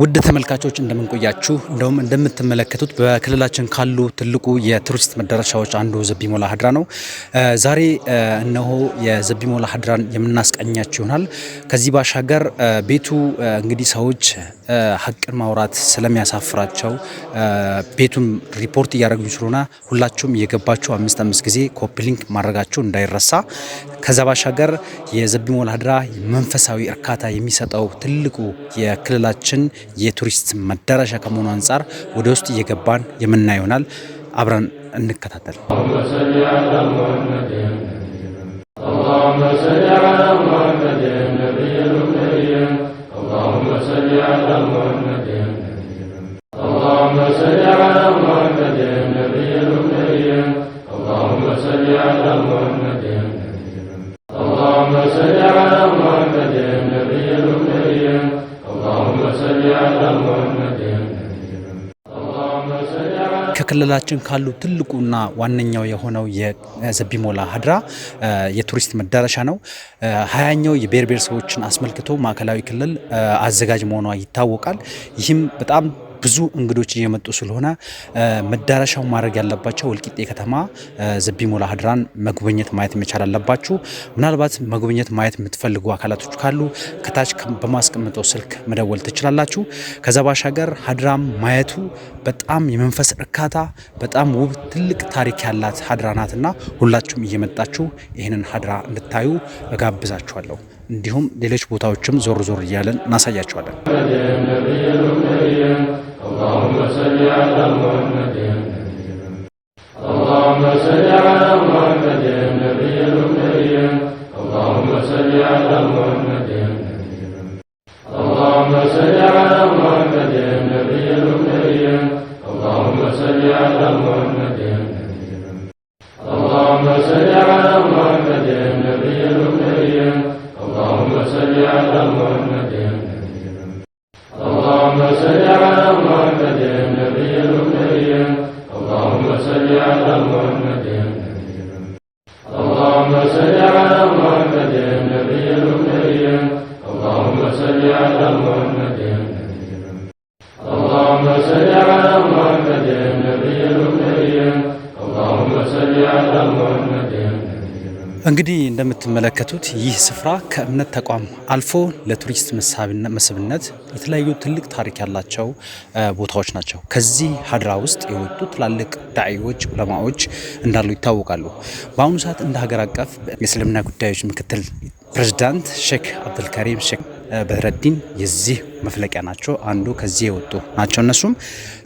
ውድ ተመልካቾች እንደምንቆያችሁ እንደውም እንደምትመለከቱት በክልላችን ካሉ ትልቁ የቱሪስት መዳረሻዎች አንዱ ዘቢሞላ ሀድራ ነው። ዛሬ እነሆ የዘቢሞላ ሀድራን የምናስቀኛችሁ ይሆናል። ከዚህ ባሻገር ቤቱ እንግዲህ ሰዎች ሀቅን ማውራት ስለሚያሳፍራቸው ቤቱን ሪፖርት እያደረጉኝ ስለሆነ ሁላችሁም የገባችሁ አምስት አምስት ጊዜ ሊንክ ማድረጋችሁ እንዳይረሳ። ከዛ ባሻገር የዘቢሞላ ሀድራ መንፈሳዊ እርካታ የሚሰጠው ትልቁ የክልላችን የቱሪስት መዳረሻ ከመሆኑ አንጻር ወደ ውስጥ እየገባን የምና ይሆናል። አብረን እንከታተል። اللهم صل على محمد በክልላችን ካሉ ትልቁና ዋነኛው የሆነው የዘቢሞላ ሀድራ የቱሪስት መዳረሻ ነው። ሀያኛው የብሔር ብሔረሰቦችን አስመልክቶ ማዕከላዊ ክልል አዘጋጅ መሆኗ ይታወቃል። ይህም በጣም ብዙ እንግዶች እየመጡ ስለሆነ መዳረሻው ማድረግ ያለባቸው ወልቂጤ ከተማ ዘቢሞላ ሀድራን መጎብኘት ማየት መቻል አለባችሁ። ምናልባት መጎብኘት ማየት የምትፈልጉ አካላቶች ካሉ ከታች በማስቀምጠው ስልክ መደወል ትችላላችሁ። ከዛ ባሻገር ሀድራም ማየቱ በጣም የመንፈስ እርካታ፣ በጣም ውብ ትልቅ ታሪክ ያላት ሀድራ ናትና ሁላችሁም እየመጣችሁ ይህንን ሀድራ እንድታዩ እጋብዛችኋለሁ። እንዲሁም ሌሎች ቦታዎችም ዞር ዞር እያለን እናሳያችኋለን። اللهم صل على محمد اللهم صل على محمد النبي الكريم اللهم صل على محمد اللهم صل على محمد النبي الكريم اللهم صل على محمد اللهم صل على محمد النبي الكريم اللهم صل على محمد እንግዲህ እንደምትመለከቱት ይህ ስፍራ ከእምነት ተቋም አልፎ ለቱሪስት መስህብነት የተለያዩ ትልቅ ታሪክ ያላቸው ቦታዎች ናቸው። ከዚህ ሀድራ ውስጥ የወጡ ትላልቅ ዳዒዎች፣ ዑለማዎች እንዳሉ ይታወቃሉ። በአሁኑ ሰዓት እንደ ሀገር አቀፍ የእስልምና ጉዳዮች ምክትል ፕሬዚዳንት ሼክ አብዱልከሪም ሼክ በድረዲን የዚህ መፍለቂያ ናቸው። አንዱ ከዚህ የወጡ ናቸው እነሱም።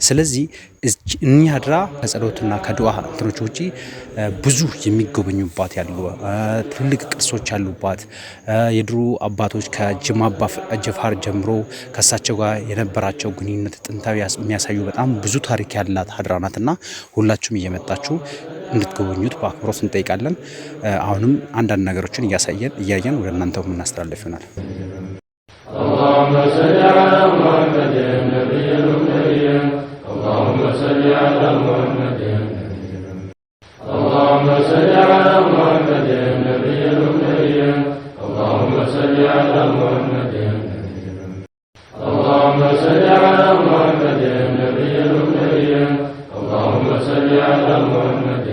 ስለዚህ እኒህ አድራ ከጸሎትና ከድዋ እንትኖች ውጪ ብዙ የሚጎበኙባት ያሉ ትልቅ ቅርሶች ያሉባት የድሮ አባቶች ከጅማ ጀምሮ ከእሳቸው ጋር የነበራቸው ግንኙነት ጥንታዊ የሚያሳዩ በጣም ብዙ ታሪክ ያላት አድራ ናትና ሁላችሁም እየመጣችሁ እንድትጎበኙት በአክብሮት እንጠይቃለን። አሁንም አንዳንድ ነገሮችን እያሳየን እያየን ወደ እናንተው የምናስተላለፍ ይሆናል። اللهم صل على محمد النبي الكريم اللهم صل على محمد اللهم صل على محمد النبي الكريم اللهم صل على محمد اللهم صل على محمد النبي الكريم اللهم صل على محمد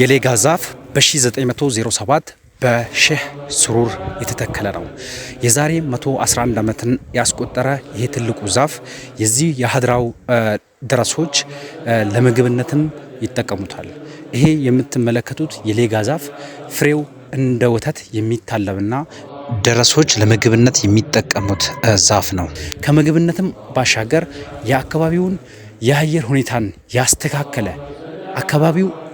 የሌጋ ዛፍ በ1907 በሼህ ስሩር የተተከለ ነው። የዛሬ 111 ዓመትን ያስቆጠረ ይሄ ትልቁ ዛፍ የዚህ የሀድራው ደረሶች ለምግብነትም ይጠቀሙታል። ይሄ የምትመለከቱት የሌጋ ዛፍ ፍሬው እንደ ወተት የሚታለብና ደረሶች ለምግብነት የሚጠቀሙት ዛፍ ነው። ከምግብነትም ባሻገር የአካባቢውን የአየር ሁኔታን ያስተካከለ አካባቢው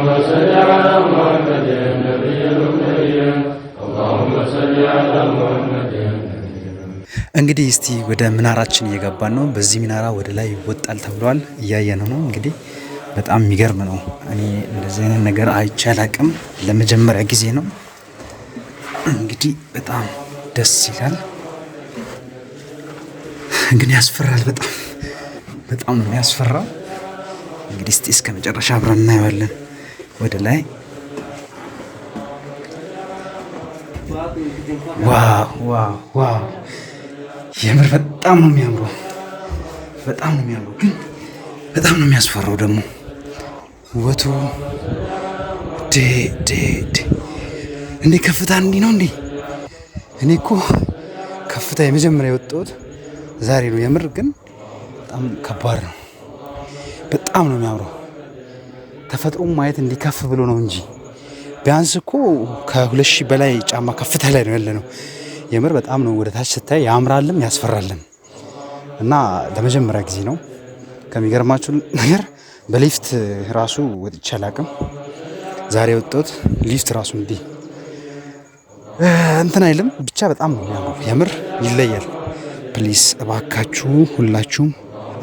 اللهم صل على محمد النبي الكريم اللهم صل على محمد እንግዲህ እስቲ ወደ ምናራችን እየገባን ነው። በዚህ ሚናራ ወደ ላይ ይወጣል ተብሏል። እያየን ነው። እንግዲህ በጣም የሚገርም ነው። እኔ እንደዚህ አይነት ነገር አይቼ አላቅም። ለመጀመሪያ ጊዜ ነው። እንግዲህ በጣም ደስ ይላል፣ ግን ያስፈራል። በጣም በጣም ነው ያስፈራው። እንግዲህ እስቲ እስከ መጨረሻ አብረን እናየዋለን። ወደ ላይ ዋው! የምር በጣም ነው የሚያምረው፣ በጣም ነው የሚያምረው፣ ግን በጣም ነው የሚያስፈራው ደግሞ ውበቱ። እንዴ ከፍታ እንዲህ ነው እንዴ! እኔ እኮ ከፍታ የመጀመሪያ የወጣሁት ዛሬ ነው። የምር ግን በጣም ከባድ ነው። በጣም ነው የሚያምረው። ተፈጥሮን ማየት እንዲከፍ ብሎ ነው እንጂ ቢያንስ እኮ ከሁለት ሺህ በላይ ጫማ ከፍታ ላይ ነው ያለ ነው። የምር በጣም ነው ወደ ታች ስታይ ያምራልም ያስፈራልም። እና ለመጀመሪያ ጊዜ ነው ከሚገርማችሁ ነገር በሊፍት ራሱ ወጥቼ አላቅም። ዛሬ ወጥቶት ሊፍት ራሱ እንዲህ እንትን አይልም። ብቻ በጣም ነው ያምሩ፣ የምር ይለያል። ፕሊስ እባካችሁ ሁላችሁም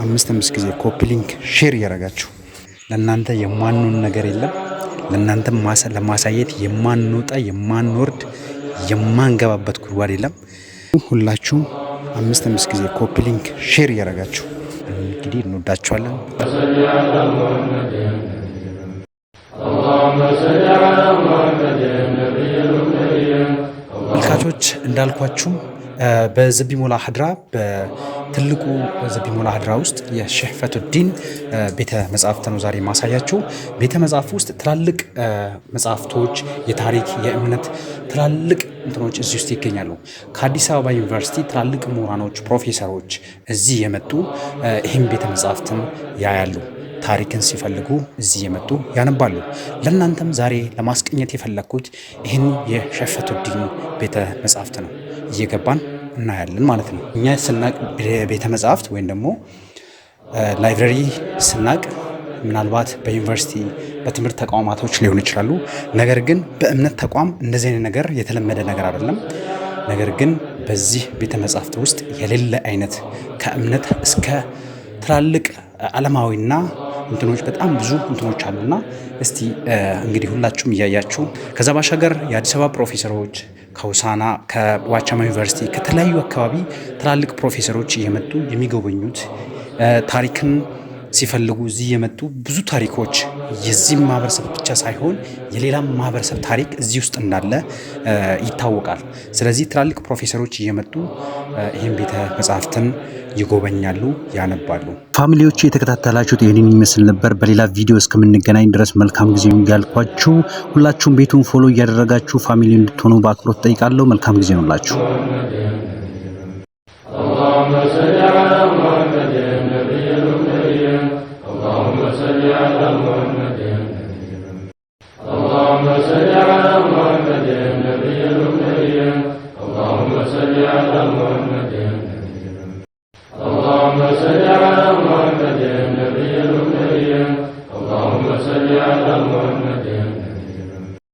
አምስት አምስት ጊዜ ኮፒ ሊንክ ሼር እያረጋችሁ ለእናንተ የማንሆን ነገር የለም። ለእናንተ ለማሳየት የማንወጣ የማንወርድ የማንገባበት ጉድጓድ የለም። ሁላችሁም አምስት አምስት ጊዜ ኮፒ ሊንክ ሼር እያደረጋችሁ እንግዲህ እንወዳችኋለን። መልካቾች እንዳልኳችሁም በዘቢሞላ ሀድራ በትልቁ ዘቢሞላ ሀድራ ውስጥ የሸህፈቱ ዲን ቤተ መጽሐፍት ነው ዛሬ ቤተ መጽሐፍ ውስጥ ትላልቅ መጽሐፍቶች፣ የታሪክ የእምነት ትላልቅ እንትኖች እዚህ ውስጥ ይገኛሉ። ከአዲስ አበባ ዩኒቨርሲቲ ትላልቅ ምሁራኖች፣ ፕሮፌሰሮች እዚህ የመጡ ይህም ቤተ መጽሐፍትን ያያሉ። ታሪክን ሲፈልጉ እዚህ የመጡ ያነባሉ። ለእናንተም ዛሬ ለማስቀኘት የፈለግኩት ይህን የሸፈቱዲን ቤተ መጻሕፍት ነው። እየገባን እናያለን ማለት ነው። እኛ ስናቅ ቤተ መጻሕፍት ወይም ደግሞ ላይብረሪ ስናቅ ምናልባት በዩኒቨርሲቲ በትምህርት ተቋማቶች ሊሆኑ ይችላሉ። ነገር ግን በእምነት ተቋም እንደዚህ አይነት ነገር የተለመደ ነገር አይደለም። ነገር ግን በዚህ ቤተ መጻሕፍት ውስጥ የሌለ አይነት ከእምነት እስከ ትላልቅ ዓለማዊና እንትኖች በጣም ብዙ እንትኖች አሉና እስቲ እንግዲህ ሁላችሁም እያያችሁ ከዛ ባሻገር የአዲስ አበባ ፕሮፌሰሮች ከውሳና ከዋቻማ ዩኒቨርሲቲ ከተለያዩ አካባቢ ትላልቅ ፕሮፌሰሮች እየመጡ የሚጎበኙት ታሪክን ሲፈልጉ እዚህ የመጡ ብዙ ታሪኮች የዚህም ማህበረሰብ ብቻ ሳይሆን የሌላም ማህበረሰብ ታሪክ እዚህ ውስጥ እንዳለ ይታወቃል። ስለዚህ ትላልቅ ፕሮፌሰሮች እየመጡ ይህም ቤተ መጽሐፍትን ይጎበኛሉ፣ ያነባሉ። ፋሚሊዎቹ የተከታተላችሁት ይህንን ይመስል ነበር። በሌላ ቪዲዮ እስከምንገናኝ ድረስ መልካም ጊዜ ያልኳችሁ ሁላችሁም ቤቱን ፎሎ እያደረጋችሁ ፋሚሊ እንድትሆኑ በአክብሮት ጠይቃለሁ። መልካም ጊዜ ነውላችሁ።